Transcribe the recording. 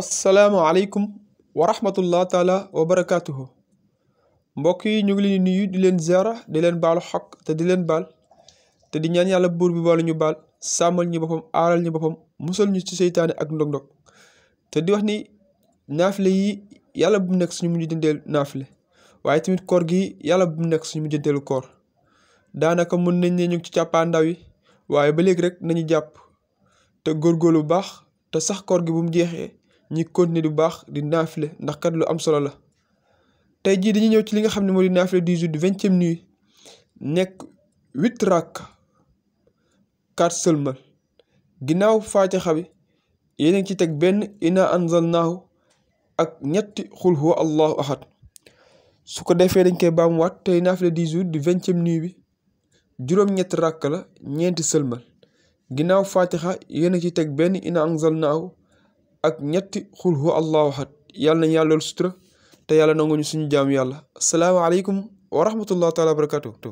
asalaamaaleykum wa rahmatullah taala wa barakaatuhu mbokk yi ñu ngi leen di nuyu di leen ziara di leen baalu xaq te di leen baal te di ñaan yàlla buur bi baalu ñu baal sàmmal ñu boppam aaral ñu boppam musal ñu ci seytaane ak ndog-ndog te di wax ni naafile yi yàlla bu mu nekk suñu mujj dëndeel naafile waaye tamit koor gi yàlla bu mu nekk suñu mujj dëndeelu koor daanaka mën nañ ne ñu ci càppaa yi waaye ba léegi rek nañu jàpp te góor góor lu baax te sax koor gi bu jeexee. ñi continuer du baax di naafile ndax kat lu am solo la tey jii dañuy ñëw ci li nga xam ne moo di naafile du jour du vingtième nuit nekk huit rakk quatre sëlmal ginnaaw faatixa bi yéen a ngi ci teg benn ina anzalnaahu ak ñetti xul huwa allahu ahad su ko defee dañ koy baamuwaat tey naafile du di vingt vingtième nuit bi juróom-ñetti rakk la ñeenti sëlmal ginnaaw faatixa yéen a ci teg benn ina anzalnaahu ak ñetti xul hu allahu ahad yàlla nañu yàlla loolu sutura te yàlla nanguñu suñu jaam yàlla asalaamaaleykum wa rahmatullah taala wa barakatu